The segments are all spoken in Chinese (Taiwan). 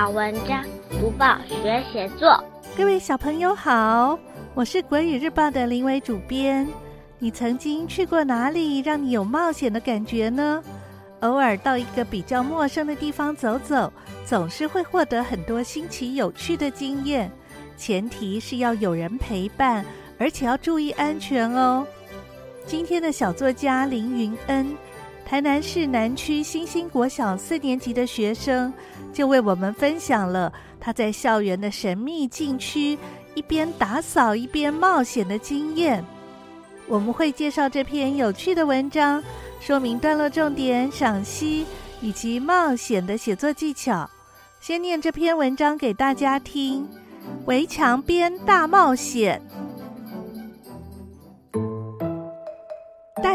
好文章，讀報學寫作。各位小朋友好，我是國語日報的林偉主編。你曾經去過哪裡，讓你有冒險的感覺呢？偶爾到一個比較陌生的地方走走，總是會獲得很多新奇有趣的經驗。前提是要有人陪伴，而且要注意安全哦。今天的小作家林雲恩。台南市南區新興國小四年級的學生，就為我們分享了他在校園的神秘禁區，一邊打掃一邊冒險的經驗。我們會介紹這篇有趣的文章，說明段落重點、賞析以及冒險的寫作技巧。先念這篇文章給大家聽：圍牆邊大冒險。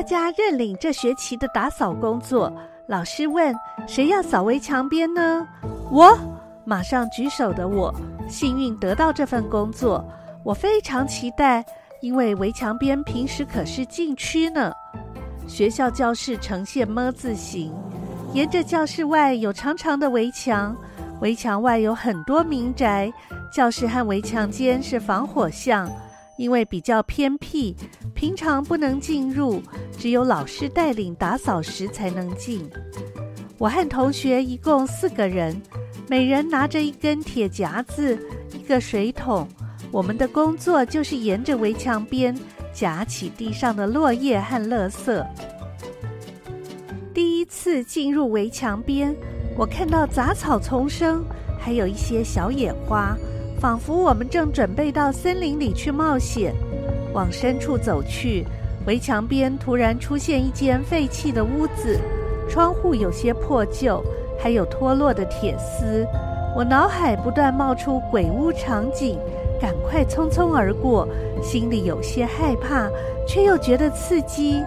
家認領這學期的打掃工作。老師問：“誰要掃圍牆邊呢？”我馬上舉手的我，我幸運得到這份工作。我非常期待，因為圍牆邊平時可是禁區呢。學校教室呈現麼字形，沿着教室外有長長的圍牆，圍牆外有很多民宅。教室和圍牆間是防火巷。因為比較偏僻，平常不能進入，只有老師帶領打掃時才能進。我和同學一共四個人，每人拿着一根鐵夾子、一個水桶。我們的工作就是沿着圍牆邊夾起地上的落葉和垃圾。第一次進入圍牆邊，我看到雜草叢生，還有一些小野花。仿佛我們正準備到森林裡去冒險，往深處走去。圍牆邊突然出現一間廢棄的屋子，窗戶有些破舊，還有脫落的鐵絲。我腦海不斷冒出鬼屋場景，趕快匆匆而過，心裡有些害怕，卻又覺得刺激。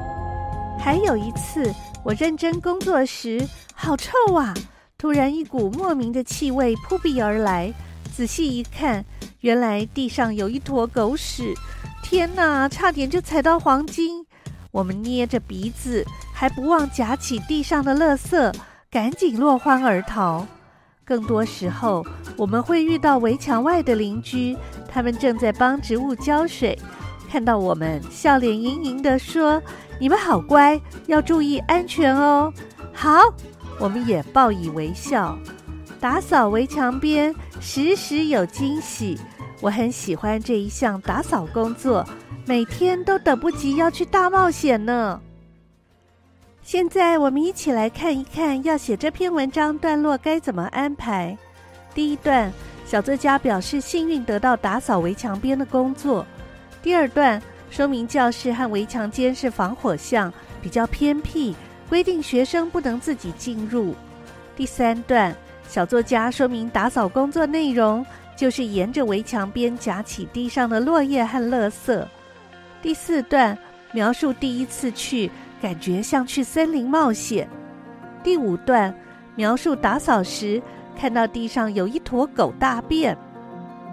還有一次，我認真工作時，好臭啊！突然一股莫名的氣味撲鼻而來。仔細一看，原來地上有一坨狗屎！天哪，差點就踩到黃金！我們捏着鼻子，還不忘夾起地上的垃圾，趕緊落荒而逃。更多時候，我們會遇到圍牆外的鄰居，他們正在幫植物澆水，看到我們，笑臉盈盈地說：“你們好乖，要注意安全哦。”好，我們也報以微笑，打掃圍牆邊。時時有驚喜，我很喜歡這一項打掃工作，每天都等不及要去大冒險呢。現在我們一起來看一看，要寫這篇文章段落該怎麼安排。第一段，小作家表示幸運得到打掃圍牆邊的工作。第二段，說明教室和圍牆間是防火巷，比較偏僻，規定學生不能自己進入。第三段。小作家說明打掃工作內容，就是沿着圍牆邊夾起地上的落葉和垃圾。第四段，描述第一次去感覺像去森林冒險。第五段，描述打掃時看到地上有一坨狗大便。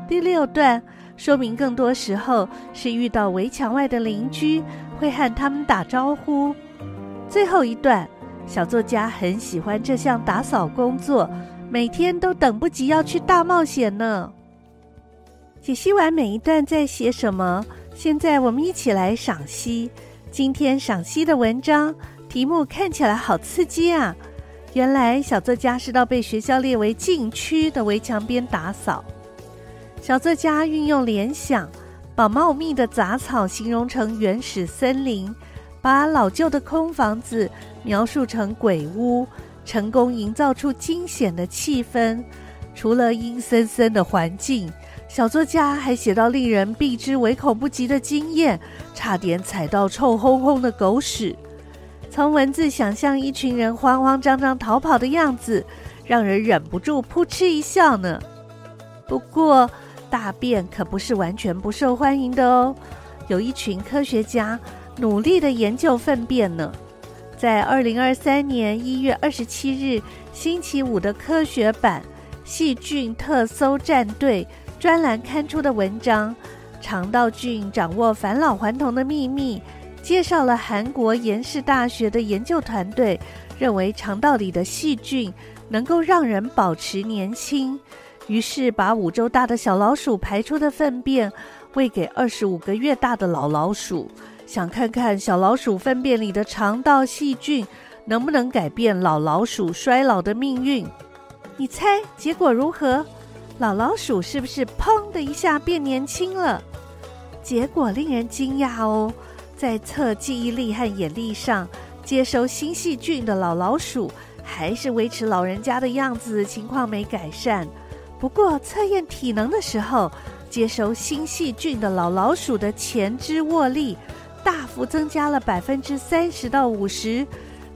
第六段說明更多時候是遇到圍牆外的鄰居，會和他們打招呼。最後一段，小作家很喜歡這項打掃工作，每天都等不及要去大冒險呢。解析完每一段在寫什麼，現在我們一起來賞析。今天賞析的文章題目看起來好刺激啊！原來小作家是到被學校列為禁區的圍牆邊打掃。小作家運用聯想，把茂密的雜草形容成原始森林，把老舊的空房子描述成鬼屋。成功營造出驚險的氣氛，除了陰森森的環境，小作家還寫到令人避之唯恐不及的經驗，差點踩到臭烘烘的狗屎。從文字想象一群人慌慌張張逃跑的樣子，讓人忍不住撲哧一笑呢。不過，大便可不是完全不受歡迎的哦，有一群科學家努力的研究糞便呢。在二零二三年一月二十七日星期五的科學版《細菌特搜戰隊》專欄刊出的文章，《腸道菌掌握返老還童的秘密》，介紹了韓國延世大學的研究團隊認為腸道裡的細菌能夠讓人保持年輕，於是把五周大的小老鼠排出的糞便餵給二十五個月大的老老鼠。想看看小老鼠糞便裡的腸道細菌能不能改變老老鼠衰老的命運。你猜結果如何？老老鼠是不是砰的一下變年輕了？結果令人驚訝哦，在測記憶力和眼力上，接收新細菌的老老鼠還是維持老人家的樣子，情況沒改善。不過測驗體能的時候，接收新細菌的老老鼠的前肢握力。大幅增加了百分之三十到五十，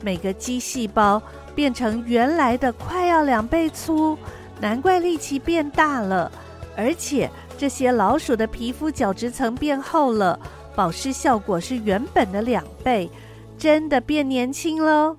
每個肌細胞變成原來的快要兩倍粗，難怪力氣變大了。而且這些老鼠的皮膚角質層變厚了，保濕效果是原本的兩倍，真的變年輕嘍。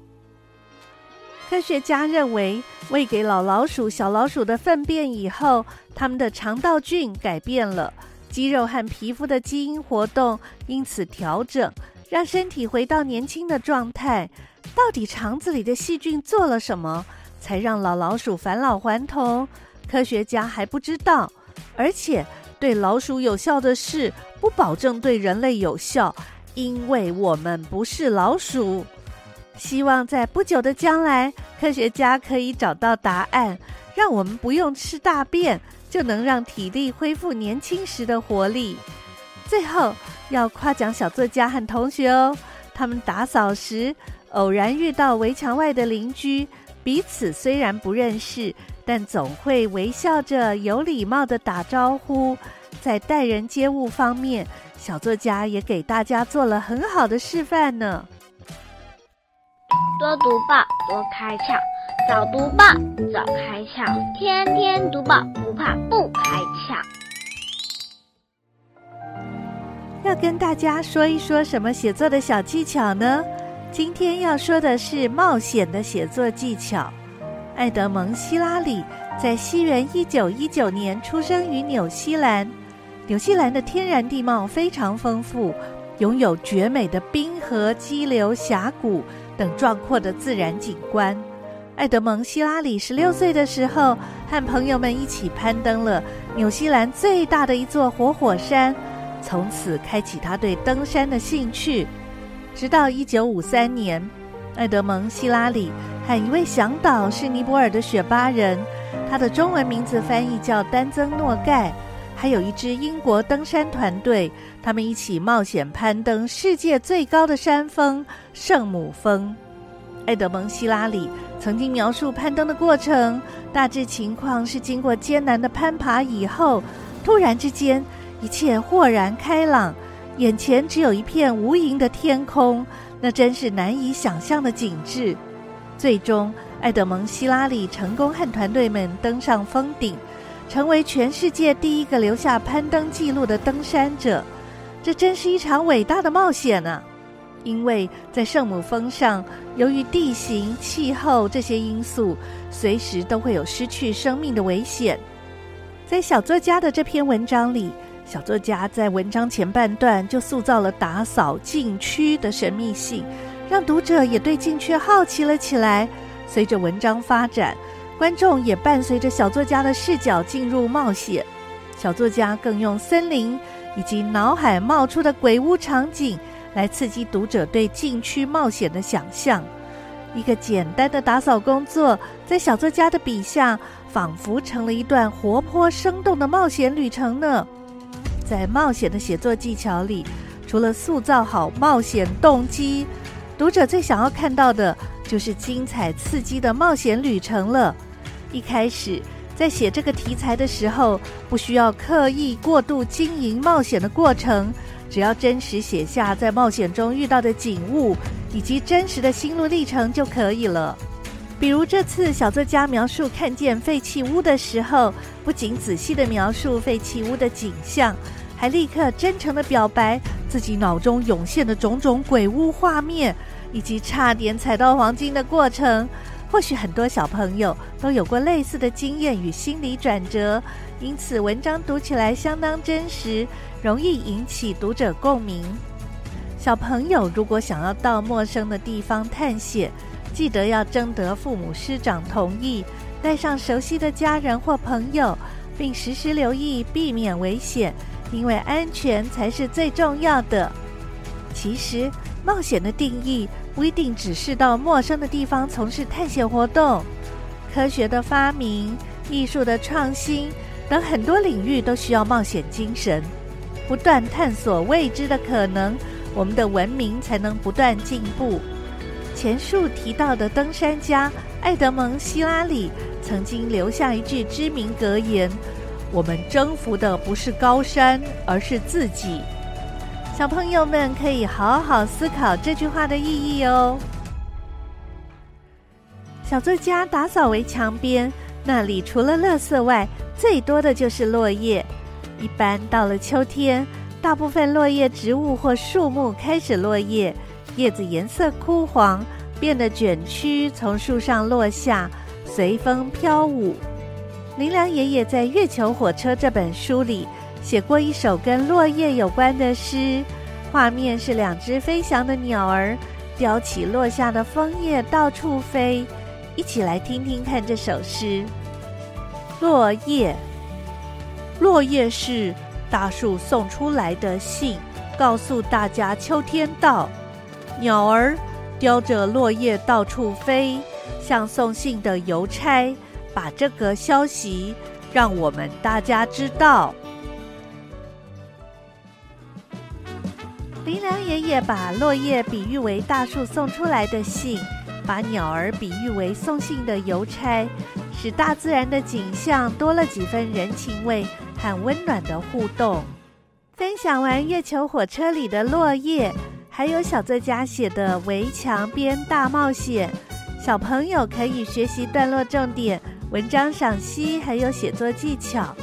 科學家認為，餵給老老鼠、小老鼠的糞便以後，它們的腸道菌改變了。肌肉和皮膚的基因活動因此調整，讓身體回到年輕的狀態。到底腸子裡的細菌做了什麼，才讓老老鼠返老還童？科學家還不知道。而且對老鼠有效的事，不保證對人類有效，因為我們不是老鼠。希望在不久的將來，科學家可以找到答案。讓我們不用吃大便，就能讓體力恢復年輕時的活力。最後要誇獎小作家和同學哦，他們打掃時偶然遇到圍牆外的鄰居，彼此雖然不認識，但總會微笑着有禮貌的打招呼。在待人接物方面，小作家也給大家做了很好的示範呢。多讀報，多開竅。早讀報早開竅，天天讀報不怕不開竅。要跟大家說一說什麼寫作的小技巧呢？今天要說的是冒險的寫作技巧。艾德蒙·希拉里在西元一九一九年出生於紐西蘭。紐西蘭的天然地貌非常豐富，擁有絕美的冰河、激流、峽谷等壯闊的自然景觀。艾德蒙·希拉里十六歲的時候，和朋友們一起攀登了紐西蘭最大的一座活火，火山，從此開啟他對登山的興趣。直到一九五三年，艾德蒙·希拉里和一位向導是尼泊爾的雪巴人，他的中文名字翻譯叫丹增諾蓋，還有一支英國登山團隊，他們一起冒險攀登世界最高的山峰聖母峰。艾德蒙·希拉里。曾經描述攀登的過程，大致情況是經過艱難的攀爬以後，突然之間一切豁然開朗，眼前只有一片無垠的天空，那真是難以想象的景致。最終，艾德蒙·希拉里成功和團隊們登上峰頂，成為全世界第一個留下攀登記錄的登山者。這真是一場偉大的冒險啊！因為在聖母峰上，由於地形、氣候這些因素，隨時都會有失去生命的危險。在小作家的這篇文章裡，小作家在文章前半段就塑造了打掃禁區的神祕性，讓讀者也對禁區好奇了起來。隨着文章發展，觀眾也伴隨着小作家的視角進入冒險。小作家更用森林以及腦海冒出的鬼屋場景。來刺激讀者對禁區冒險的想象。一個簡單的打掃工作，在小作家的筆下，仿佛成了一段活潑生動的冒險旅程呢。在冒險的寫作技巧裡，除了塑造好冒險動機，讀者最想要看到的就是精彩刺激的冒險旅程了。一開始在寫這個題材的時候，不需要刻意過度經營冒險的過程。只要真實寫下在冒險中遇到的景物，以及真實的心路歷程就可以了。比如這次小作家描述看見廢棄屋的時候，不僅仔細的描述廢棄屋的景象，還立刻真誠的表白自己腦中湧現的種種鬼屋畫面，以及差點踩到黃金的過程。或許很多小朋友都有過類似的經驗與心理轉折，因此文章讀起來相當真實，容易引起讀者共鳴。小朋友如果想要到陌生的地方探險，記得要徵得父母師長同意，帶上熟悉的家人或朋友，並時時留意，避免危險，因為安全才是最重要的。其實，冒險的定義。不一定只是到陌生的地方從事探險活動，科學的發明、藝術的創新等很多領域都需要冒險精神，不斷探索未知的可能，我們的文明才能不斷進步。前述提到的登山家艾德蒙·希拉里曾經留下一句知名格言：“我們徵服的不是高山，而是自己。”小朋友們可以好好思考這句話的意義哦。小作家打掃圍牆邊，那裡除了垃圾外，最多的就是落葉。一般到了秋天，大部分落葉植物或樹木開始落葉，葉子顏色枯黃，變得卷曲，從樹上落下，隨風飄舞。林良爺爺在《月球火車》這本書裡。寫過一首跟落葉有關的詩，畫面是兩隻飛翔的鳥兒，叼起落下的楓葉到處飛。一起來聽聽看這首詩。落葉，落葉是大樹送出來的信，告訴大家秋天到。鳥兒叼着落葉到處飛，像送信的郵差，把這個消息讓我們大家知道。張爺爺把落葉比喻為大樹送出來的信，把鳥兒比喻為送信的郵差，使大自然的景象多了幾分人情味，很溫暖的互動。分享完《月球火車》裡的落葉，還有小作家寫的《圍牆邊大冒險》，小朋友可以學習段落重點、文章賞析，還有寫作技巧。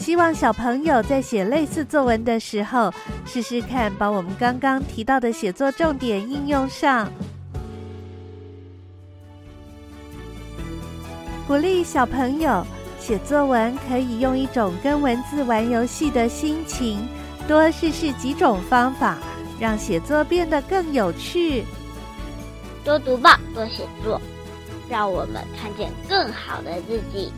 希望小朋友在寫類似作文的時候，試試看把我們剛剛提到的寫作重點應用上。鼓勵小朋友寫作文，可以用一種跟文字玩遊戲的心情，多試試幾種方法，讓寫作變得更有趣。多讀報，多寫作，讓我們看見更好的自己。